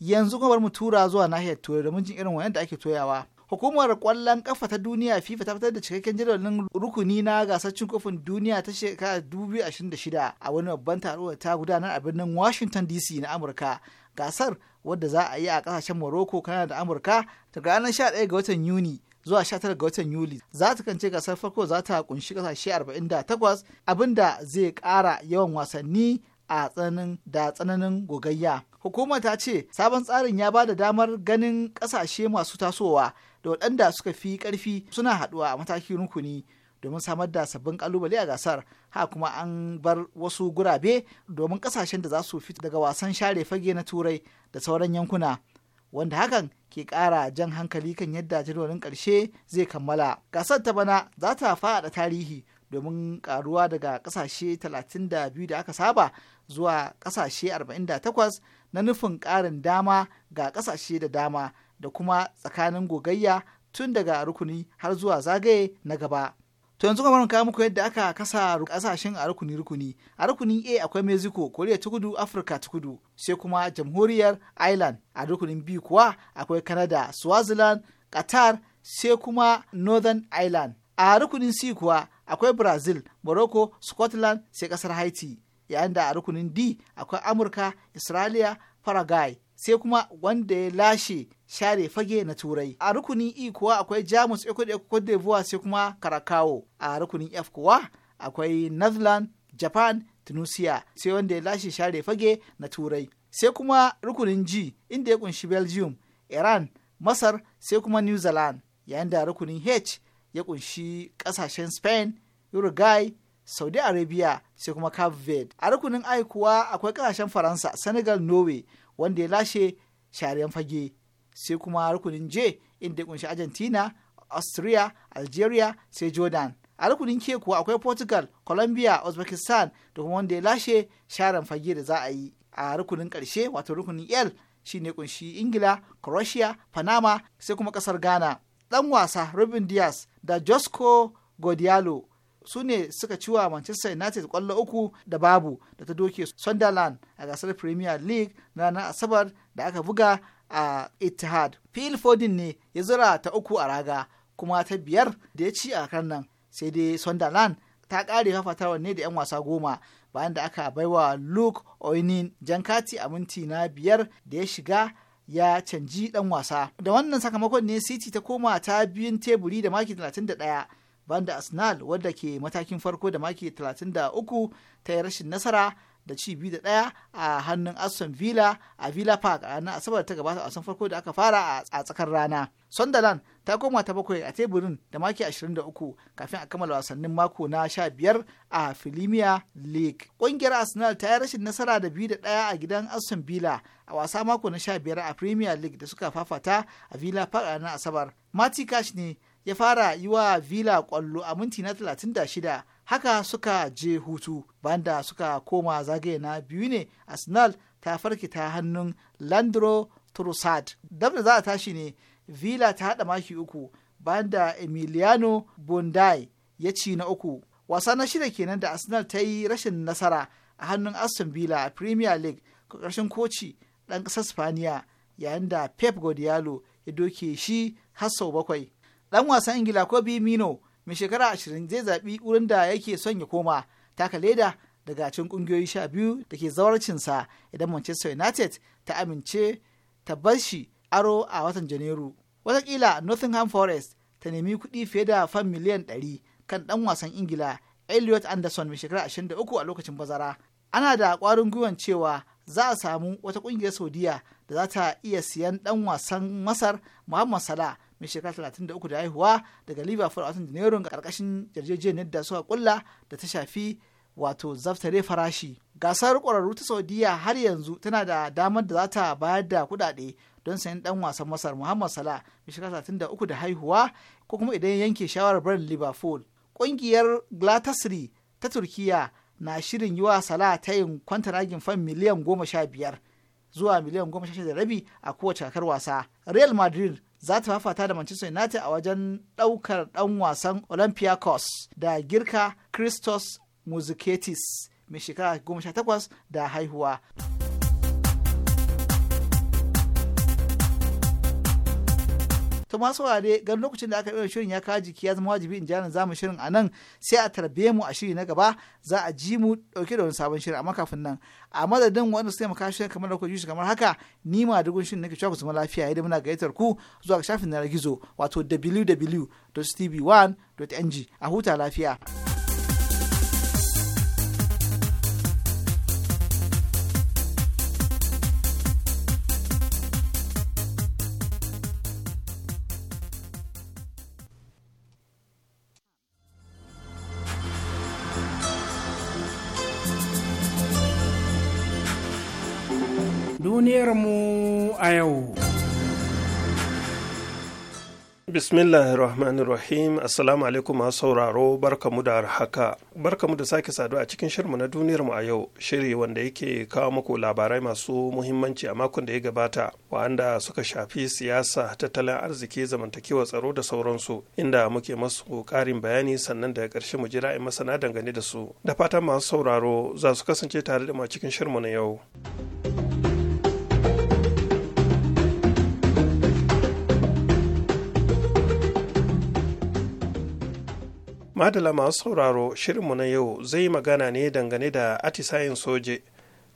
Speaker 3: yanzu kuma bar mu tura zuwa nahiyar turai domin jin irin wayan da ake toyawa hukumar kwallon kafa ta duniya fifa ta fitar da cikakken jadawalin rukuni na gasar cin kofin duniya ta shekara 2026 a wani babban taro ta gudanar a birnin washington dc na amurka gasar wadda za a yi a kasashen Morocco, Canada da Amurka daga ranar 11 ga watan Yuni zuwa 19 ga watan Yuli. Za ta kance gasar farko za ta kunshi kasashe 48 abinda zai kara yawan wasanni a tsananin da tsananin gogayya. Hukumar ta ce sabon tsarin ya ba da damar ganin kasashe masu tasowa da waɗanda suka fi ƙarfi suna haɗuwa a matakin rukuni. domin samar da sabbin kalubale a gasar ha kuma an bar wasu gurabe domin kasashen da za su fita daga wasan share fage na turai da sauran yankuna wanda hakan ke kara jan hankali kan yadda jadawalin karshe zai kammala gasar ta bana za ta faɗa tarihi domin karuwa daga kasashe 32 da aka saba zuwa kasashe 48 na nufin ƙarin dama ga kasashe da dama da kuma tsakanin gogayya tun daga rukuni har zuwa zagaye na gaba. To yanzu kamar kawo muku yadda aka kasa kasashen a rukuni-rukuni. A rukunin A akwai Mexico, Koriya ta kudu, Afirka ta kudu, sai kuma Jamhuriyar Ireland. A rukunin B kuwa akwai Canada, Swaziland, Qatar, sai kuma Northern Ireland. A rukunin C kuwa akwai Brazil, Morocco, Scotland, sai kasar Haiti. Yayin da a rukunin D akwai Amurka, Israeliya, Paraguay, sai kuma wanda ya lashe share fage na turai a rukunin e kuwa akwai jamus ecuador d'ivoire sai kuma karakawo a rukunin f kuwa akwai netherlands japan tunisia sai wanda ya lashe share fage na turai sai kuma rukunin g inda ya kunshi belgium iran masar sai kuma new zealand yayin da rukunin h ya kunshi kasashen spain uruguay saudi arabia sai kuma cape verde a rukunin i kuwa akwai kasashen faransa senegal norway wanda ya lashe shari'an fage sai kuma rukunin j inda ya kunshi argentina austria algeria sai jordan a rukunin ke kuwa akwai portugal colombia uzbekistan da kuma wanda ya lashe sharan fage da za a yi a rukunin karshe wato rukunin l ne kunshi ingila croatia panama sai kuma kasar ghana dan wasa robin diaz da josco godialo su ne suka ciwa Manchester United kwallo uku da babu da ta doke Sunderland a gasar Premier League na ranar Asabar da aka buga a Etihad. Phil Foden ne ya zura ta uku a raga kuma ta biyar da ya ci a kan nan sai dai Sunderland ta kare fafatawa ne da 'yan wasa goma bayan da aka baiwa Luke Oinin jankati a minti na biyar da ya shiga ya canji dan wasa. Da wannan sakamakon ne City ta koma ta biyun teburi da maki 31 banda arsenal wadda ke matakin farko da maki 33 ta yi rashin nasara da ci biyu da ɗaya a hannun aston villa a villa park a ranar asabar ta gabata a wasan farko da aka fara a tsakar rana sunderland ta koma ta bakwai a teburin da maki 23 kafin a kammala wasannin mako na 15 a Premier league ƙungiyar arsenal ta yi rashin nasara da biyu da ɗaya a gidan aston villa a wasa mako na 15 a premier league da suka fafata a villa park a ranar asabar mati cash ne ya fara yi wa villa kwallo a minti na 36 haka suka je hutu banda suka koma zagaye na biyu ne arsenal ta farke ta hannun landro trussard dab za a tashi ne villa ta haɗa maki uku Banda emiliano bondai ya ci na uku wasa na shida kenan da arsenal ta yi rashin nasara a hannun aston villa a premier league ƙarshen koci ɗan ƙasar spaniya yayin da pep guardiola ya doke shi har sau bakwai dan wasan ingila kobe mino mai shekara ashirin zai zaɓi wurin da yake son ya koma taka leda daga cikin ƙungiyoyi sha biyu da ke zawarcinsa idan manchester united ta amince ta bar shi aro a watan janairu watakila nottingham forest ta nemi kuɗi fiye da fam miliyan ɗari kan dan wasan ingila elliot anderson mai shekara ashirin da uku a lokacin bazara ana da ƙwarin gwiwan cewa za a samu wata ƙungiyar saudiya da za ta iya siyan dan wasan masar muhammad salah mai shekara talatin da uku da haihuwa daga liverpool a watan janairun ga karkashin yarjejeniyar da suka kulla da ta shafi wato zaftare farashi gasar ƙwararru ta saudiya har yanzu tana da damar da za ta bayar da kuɗaɗe don sayan ɗan wasan masar muhammad salah mai shekara talatin da uku da haihuwa ko kuma idan yanke shawarar barin liverpool ƙungiyar glatasri ta turkiya na shirin yi wa salah tayin kwantaragin fan miliyan goma sha biyar zuwa miliyan goma sha da rabi a kowace kakar wasa real madrid za ta fafata da Manchester United a wajen ɗaukar ɗan wasan Olympiacos da girka Christos musiketis mai shekara 18 da haihuwa. to masu ware gan lokacin da aka yi shirin ya kaji jiki ya zama wajibi in jana zamu shirin a nan sai a tarbe mu a shiri na gaba za a ji mu dauke da wani sabon shirin amma kafin nan a madadin wanda su taimaka shirin kamar da kuka kamar haka ni ma dugun shirin nake cewa ku zama lafiya yadda muna gayyatar ku zuwa shafin na gizo wato www.tv1.ng a huta lafiya.
Speaker 1: duniyarmu a yau.
Speaker 5: Bismillahir Rahmanir Rahim, Assalamu alaikum masu sauraro, barkamu da haka. Barkamu da sake saduwa a cikin shirmu na duniyarmu a yau, shiri wanda yake kawo muku labarai masu muhimmanci a makon da ya gabata, wanda suka shafi siyasa, tattalin arziki, zamantakewa tsaro da sauransu, inda muke masu ƙarin bayani sannan daga ƙarshe mu jira masana dangane da su. Da fatan masu sauraro za su kasance tare da mu a cikin shirmu na yau. madala masu sauraro shirinmu na yau zai magana ne dangane da atisayin soje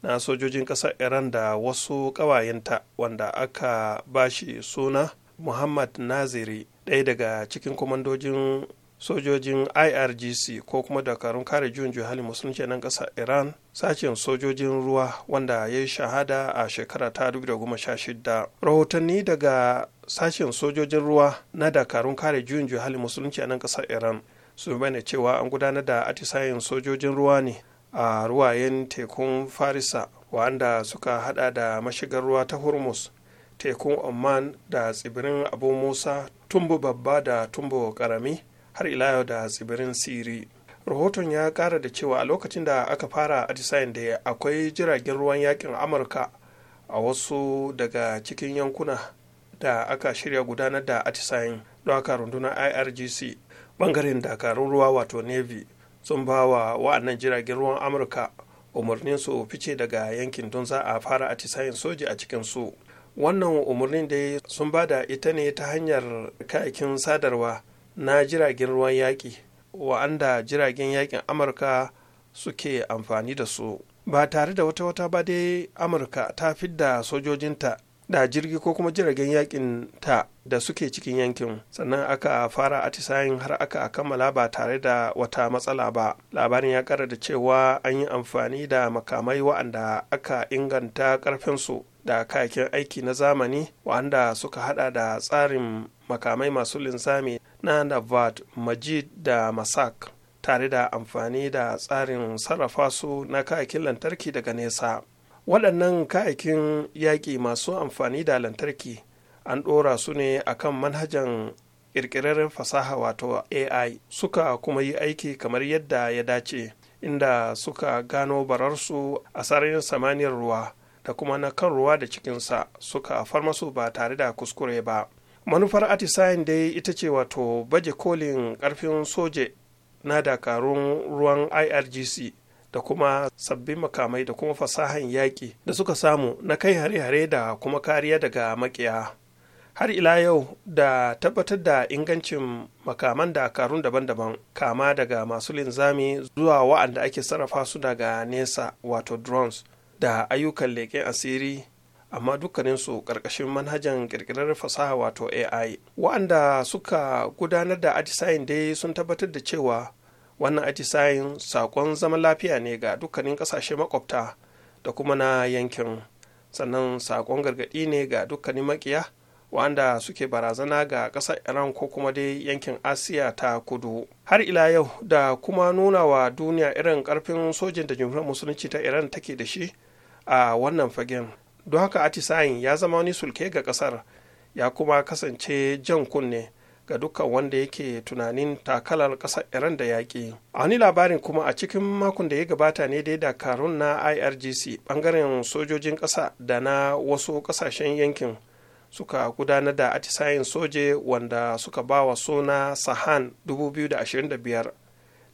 Speaker 5: na sojojin ƙasar iran da wasu ƙawayenta wanda aka bashi suna muhammad naziri ɗaya daga cikin kwamandojin sojojin irgc ko kuma dakarun kare juyin juhali musulunci nan ƙasar iran sashen sojojin ruwa wanda ya yi shahada a shekara ta 2016 rahotanni daga sashen sojojin ruwa na dakarun kare juyin juhali musulunci nan ƙasar iran sun bayyana cewa an gudanar da atisayen sojojin ruwa ne a ruwayen tekun farisa wanda suka hada da mashigar ruwa ta hormuz tekun oman da tsibirin abu musa tumbu babba da tumbu karami har ila yau da tsibirin siri rahoton ya kara da cewa a lokacin da aka fara atisayen da akwai jiragen ruwan yakin amurka a wasu daga cikin yankuna da aka shirya gudanar da atisayen don haka rundunar irgc bangaren dakarun ruwa wato navy sun ba wa wa'annan jiragen ruwan amurka umarnin su fice daga yankin don za a fara atisayen soji a cikin su wannan umarnin da sun ba da ita ne ta hanyar kayakin sadarwa na jiragen ruwan yaƙi wa'anda jiragen yaƙin amurka suke amfani da su ba tare da wata wata ba dai amurka ta fidda sojojinta da jirgi ko kuma jiragen yakin ta da suke cikin yankin sannan aka fara atisayin har aka kammala ba tare da wata matsala ba labarin ya kara da cewa an yi amfani da makamai wa'anda aka inganta karfinsu da kayakin aiki na zamani wa'anda suka hada da tsarin makamai masu linsami na navad majid da masak tare da amfani da tsarin sarrafa su na kayakin lantarki daga nesa waɗannan ka'aikin yaƙi masu amfani da lantarki an ɗora su ne akan manhajan ƙirƙirar fasaha wato ai suka kuma yi aiki kamar yadda ya dace inda suka gano bararsu a sararin samaniyar ruwa da kuma na kan ruwa da cikinsa suka farma su ba tare da kuskure ba manufar atisayen dai ita ce wato baje kolin ƙarfin soje na dakarun ruwan irgc da kuma sabbin makamai da kuma fasahan yaƙi da suka samu na kai hare-hare da kuma kariya daga makiya har ila yau da tabbatar da ingancin makaman dakarun daban-daban kama daga masu linzami zuwa wa'anda ake sarrafa su daga nesa wato drones da ayyukan leƙen asiri amma dukkaninsu ƙarƙashin manhajan ƙirƙirar fasaha wato ai wa'anda suka gudanar da atisayin dai sun tabbatar da cewa wannan atisayin sakon zaman lafiya ne ga dukkanin kasashe makwabta da kuma na yankin sannan sakon gargaɗi ne ga dukkanin makiya wanda suke barazana ga ƙasar iran ko kuma dai yankin asiya ta kudu har ila yau da kuma nuna wa duniya irin ƙarfin sojin da jimhuriyar musulunci ta iran take da shi a wannan fagen don haka atisayin ya zama wani sulke ga ƙasar ya kuma kasance jan kunne ga dukkan wanda yake tunanin takalar ƙasar iran da yaƙi a wani labarin kuma a cikin makon da ya gabata ne dai dakarun na irgc bangaren sojojin ƙasa da na wasu ƙasashen yankin suka gudanar da atisayen soje wanda suka ba wa suna sahan 2025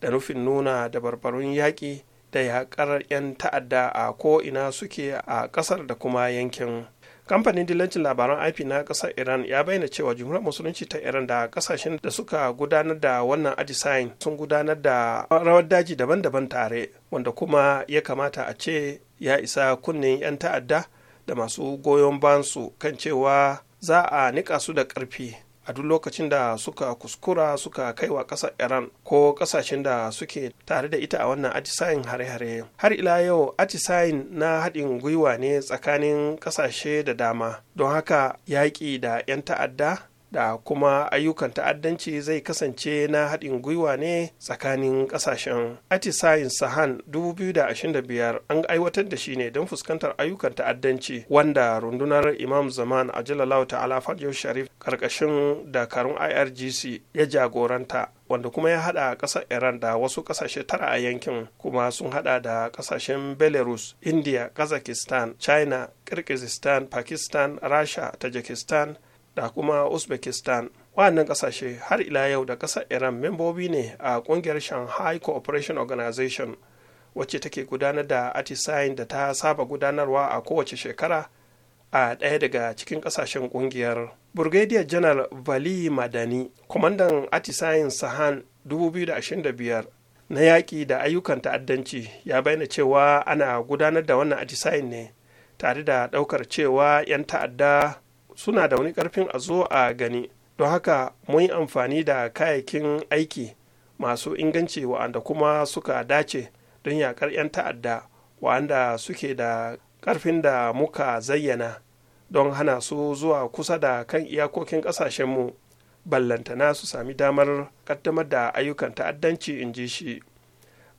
Speaker 5: da nufin nuna dabarbarun yaƙi da yaƙar 'yan ta'adda a ko'ina suke a ƙasar da kuma yankin kamfanin dilancin labaran ip na kasar iran ya bayyana cewa jumhuriyar musulunci ta iran da kasashen da suka gudanar da wannan atisayin sun gudanar da rawar daji daban-daban tare wanda kuma ya kamata a ce ya isa kunnen 'yan ta'adda da masu goyon bansu kan cewa za a nika su da karfi a duk lokacin da suka kuskura suka kai wa ƙasar iran ko ƙasashen da suke tare da ita a wannan atisayin hare-hare har ila yau atisayin na haɗin gwiwa ne tsakanin ƙasashe da dama don haka yaƙi da 'yan ta'adda da kuma ayyukan ta'addanci zai kasance na haɗin gwiwa ne tsakanin ƙasashen atisayin sahan 2025 an aiwatar da shi ne don fuskantar ayyukan ta'addanci wanda rundunar imam zaman a jalalau ta'ala yau sharif ƙarƙashin dakarun irgc ya jagoranta wanda kuma ya hada kasar iran da wasu kasashe tara a yankin kuma sun hada da kasashen belarus india kazakistan china kirgizistan pakistan rasha tajikistan da kuma uzbekistan waɗannan ƙasashe har ila yau da ƙasar iran membobi ne a ƙungiyar shanghai cooperation organization wacce take gudanar da atisayin da ta saba gudanarwa a kowace shekara a ɗaya daga cikin ƙasashen ƙungiyar brigadier general vali madani kwamandan atisayin sahan 2025 na yaƙi da ayyukan ta'addanci ya bayyana cewa ana gudanar da wannan atisayin ne tare da ɗaukar cewa 'yan ta'adda suna da wani karfin a zo a gani don haka mun yi amfani da kayayyakin aiki masu inganci wa'anda kuma suka dace don yaƙar 'yan ta'adda wa'anda suke da ƙarfin da muka zayyana don hana su zuwa kusa da kan iyakokin ƙasashenmu ballantana su sami damar ƙaddamar da ayyukan ta'addanci in ji shi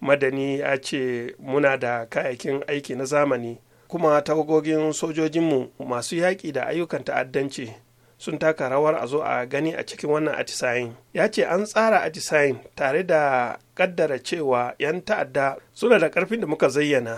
Speaker 5: madani ya ce muna da kayayyakin aiki na zamani kuma tagogogin sojojinmu masu yaƙi da ayyukan ta'addanci sun taka rawar a zo a gani a cikin wannan atisayin ya ce an tsara atisayin tare da kaddara cewa 'yan ta'adda suna da ƙarfin da muka zayyana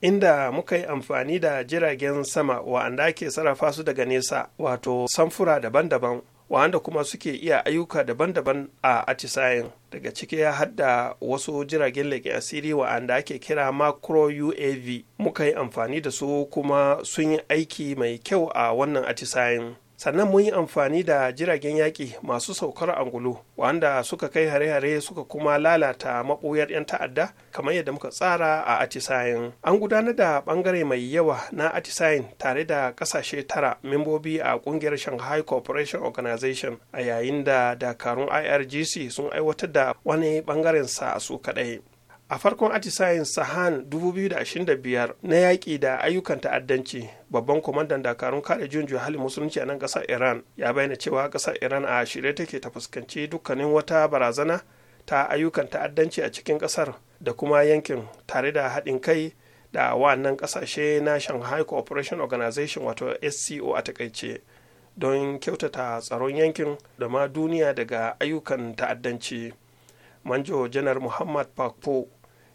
Speaker 5: inda muka yi amfani da jiragen sama wa'anda ke sarrafa su daga nesa wato samfura daban-daban wanda kuma suke iya ayyuka daban-daban a atisayen daga ciki ya hada wasu jiragen leƙe asiri wa'anda ake kira macro uav muka yi amfani da su kuma sun yi aiki mai kyau a wannan atisayen sannan mun yi amfani da jiragen yaƙi masu saukar angulu wanda suka kai hare-hare suka kuma lalata maɓoyar 'yan ta'adda kamar yadda muka tsara a atisayen an gudanar da ɓangare mai yawa na atisayen tare da ƙasashe tara membobi a ƙungiyar shanghai cooperation organization a yayin da dakarun irgc sun aiwatar da wani ɓangaren sa su kaɗai a farkon atisayen sahan 2025 na yaƙi da ayyukan ta'addanci babban kwamandan dakarun kare juyin halin musulunci a nan ƙasar iran ya bayyana cewa ƙasar iran a shirye take ta fuskanci dukkanin wata barazana ta ayyukan ta'addanci a cikin ƙasar da kuma yankin tare da haɗin kai da wannan ƙasashe na shanghai cooperation organization wato sco a takaice don kyautata tsaron yankin da ma duniya daga ayyukan ta'addanci manjo janar muhammad pakpo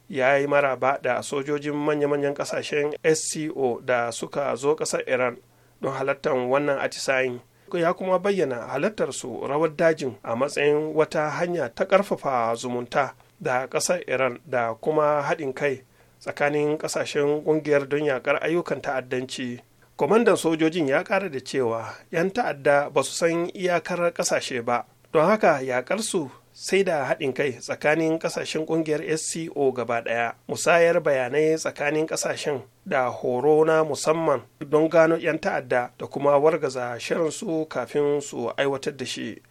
Speaker 5: ya yi maraba da sojojin manya-manyan kasashen sco da suka zo kasar iran don halartar wannan atisayin ya kuma bayyana halartar su rawar dajin a matsayin wata hanya ta ƙarfafa zumunta da ƙasar iran da kuma haɗin kai tsakanin ƙasashen ƙungiyar don yaƙar ayyukan ta'addanci kwamandan sojojin ya ƙara da cewa 'yan ta'adda ba su san iyakar ƙasashe ba don haka su. sai da haɗin kai tsakanin ƙasashen ƙungiyar sco gaba ɗaya musayar bayanai tsakanin ƙasashen da horo na musamman don gano 'yan ta'adda da kuma wargaza su kafin su aiwatar da shi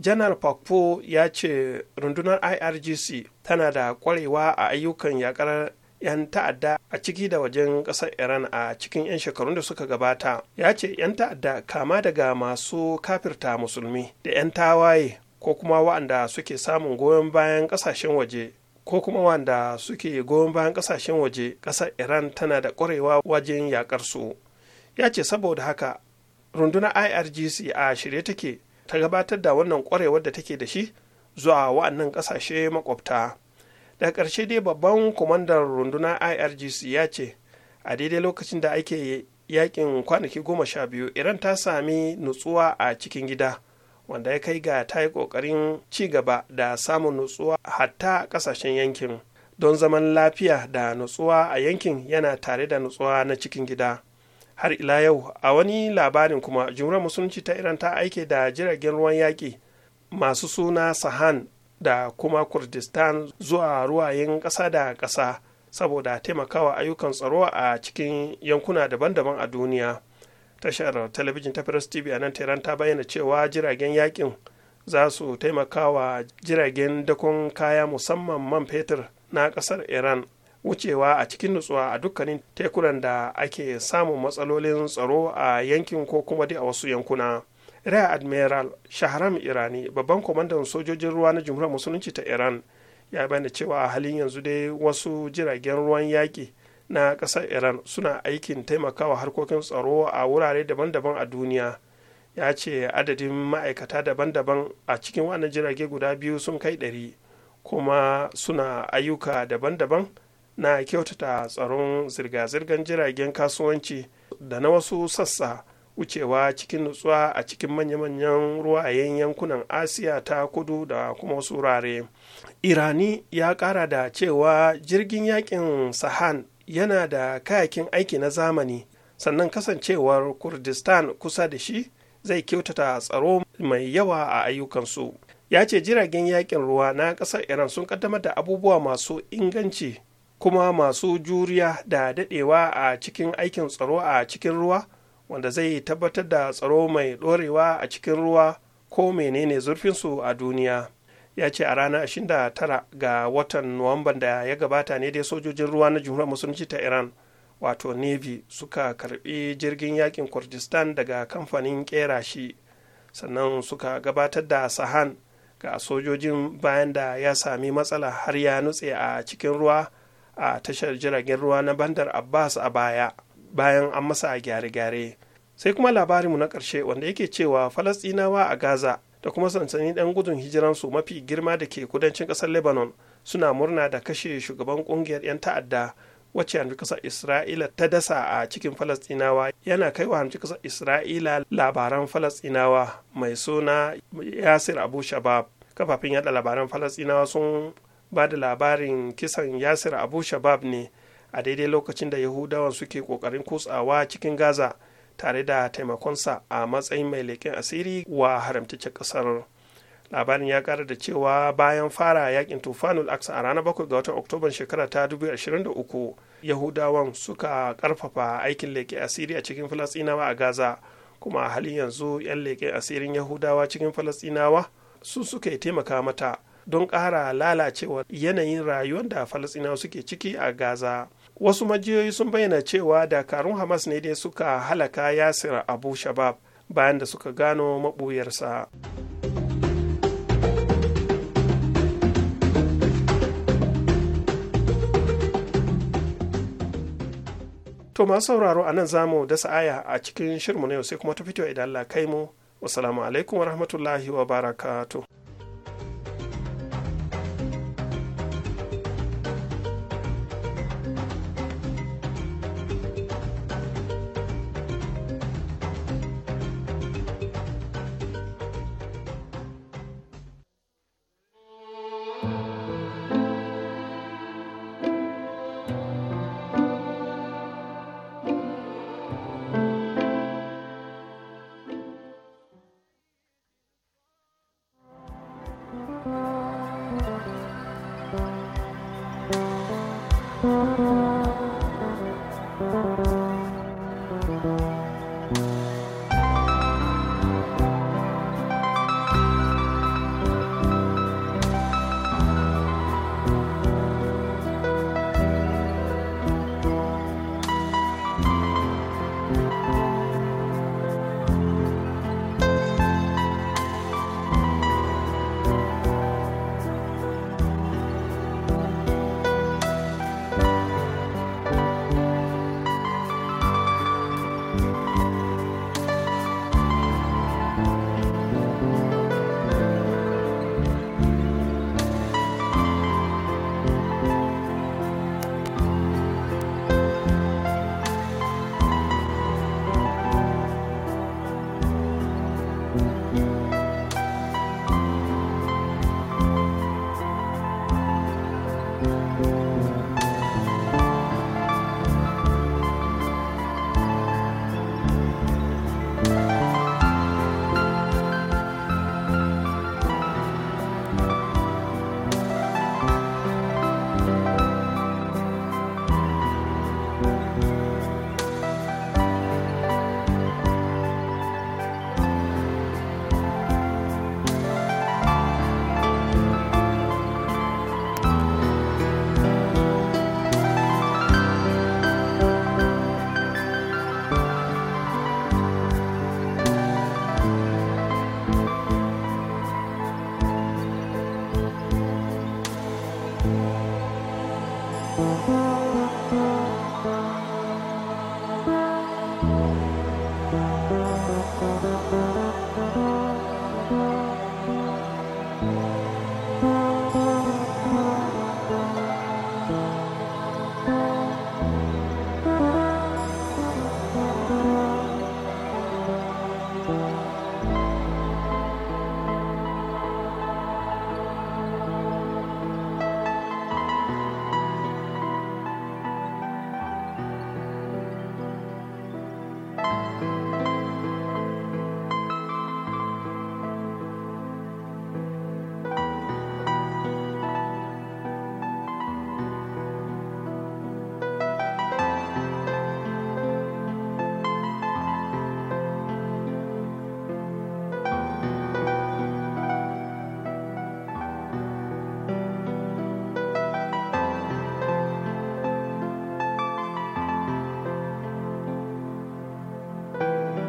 Speaker 5: janar pakpo ya ce rundunar irgc tana da ƙwarewa a ayyukan yakar 'yan ta'adda a ciki da wajen ƙasar iran a cikin 'yan shekarun da suka gabata ya ce 'yan ta'adda kama daga masu kafirta musulmi da 'yan tawaye ko kuma wa'anda suke samun goyon bayan ƙasashen waje ko kuma wa'anda suke goyon bayan kasashen waje ƙasar iran tana da ƙwarewa wajen yakar su ya ce saboda haka rundunar irgc a shirye take ta gabatar da wannan ƙwarewar da take da shi zuwa wa'annan ƙasashe makwabta daga ƙarshe dai babban kwamandan rundunar irgc ya ce a daidai lokacin da ake yakin kwanaki goma sha biyu iran ta sami nutsuwa a cikin gida wanda ya kai ga ta yi ƙoƙarin ci gaba da samun nutsuwa hatta ƙasashen yankin don zaman lafiya da nutsuwa a yankin yana tare da nutsuwa na cikin gida har ila yau a wani labarin kuma jumrar musulunci ta iran ta aike da jiragen ruwan yaƙi masu suna sahan da kuma kurdistan zuwa ruwayen ƙasa da ƙasa saboda taimakawa ayyukan tsaro a cikin yankuna daban-daban a duniya tashar talabijin ta press tv a nan tehran ta bayyana cewa jiragen yakin za su taimaka wa jiragen dakon kaya musamman man fetur na kasar iran wucewa a cikin nutsuwa a dukkanin tekunan da ake samun matsalolin tsaro a yankin ko kuma dai a wasu yankuna rear admiral shahram irani babban kwamandan sojojin ruwa na jumhuriyar musulunci ta iran ya bayyana cewa a halin yanzu dai wasu jiragen ruwan yaƙi na ƙasar iran suna aikin taimakawa harkokin tsaro a wurare daban-daban a duniya ya ce adadin ma'aikata daban-daban a cikin wannan jirage guda biyu sun kai ɗari kuma suna ayyuka daban-daban na kyautata tsaron zirga-zirgar jiragen kasuwanci da na wasu sassa wucewa cikin nutsuwa a cikin manya-manyan ruwayen yankunan asiya ta kudu da kuma wasu wurare irani ya kara da cewa jirgin yakin sahan yana da kayakin aiki na zamani sannan kasancewar kurdistan kusa da shi zai kyautata tsaro mai yawa a ayyukansu ya ce jiragen yakin ruwa na ƙasar iran sun kaddamar da abubuwa masu inganci kuma masu juriya da daɗewa a cikin aikin tsaro a cikin ruwa wanda zai tabbatar da tsaro mai ɗorewa a cikin ruwa ko menene zurfinsu a duniya ya ce a ranar 29 ga watan nuwamban da ya gabata ne dai sojojin ruwa na jumhuriyar musulunci ta iran wato navy suka karbi jirgin yakin kurdistan daga kamfanin kera shi sannan suka gabatar da sahan ga sojojin bayan da ya sami matsala har ya nutse a cikin ruwa a tashar jiragen ruwa na bandar abbas a baya bayan an masa gyare-gyare sai kuma labarinmu na ƙarshe wanda yake cewa falasɗinawa a gaza da kuma sansanin ɗan gudun hijiransu mafi girma da ke kudancin ƙasar lebanon suna murna da kashe shugaban ƙungiyar 'yan ta'adda wacce hamci ƙasar isra'ila ta dasa a cikin falastinawa yana kai wa hamci ƙasar isra'ila labaran falastinawa mai suna yasir abu shabab kafafen yada labaran falastinawa sun ba da labarin kisan yasir abu shabab ne a daidai lokacin da yahudawan suke kokarin kutsawa cikin gaza tare da taimakonsa a matsayin mai leƙen asiri wa haramtacce ƙasar labarin ya ƙara da cewa bayan fara yakin tufanul aksa a ranar 7 ga watan oktoban shekara ta 2023 yahudawan suka ƙarfafa aikin leƙe asiri a cikin falasinawa a gaza kuma a halin yanzu 'yan leƙen asirin yahudawa cikin falasinawa su suka taimaka mata don ƙara lalacewa yanayin rayuwar da falasinawa suke ciki a gaza wasu majiyoyi sun bayyana cewa dakarun hamas ne dai suka halaka yasir abu shabab bayan da suka gano maɓuyarsa. To masu sauraro a nan za mu dasa aya a cikin shirmu na yau sai kuma ta fito idan Allah kai mu. Wasalamu alaikum wa rahmatullahi wa barakatu.
Speaker 6: Thank you.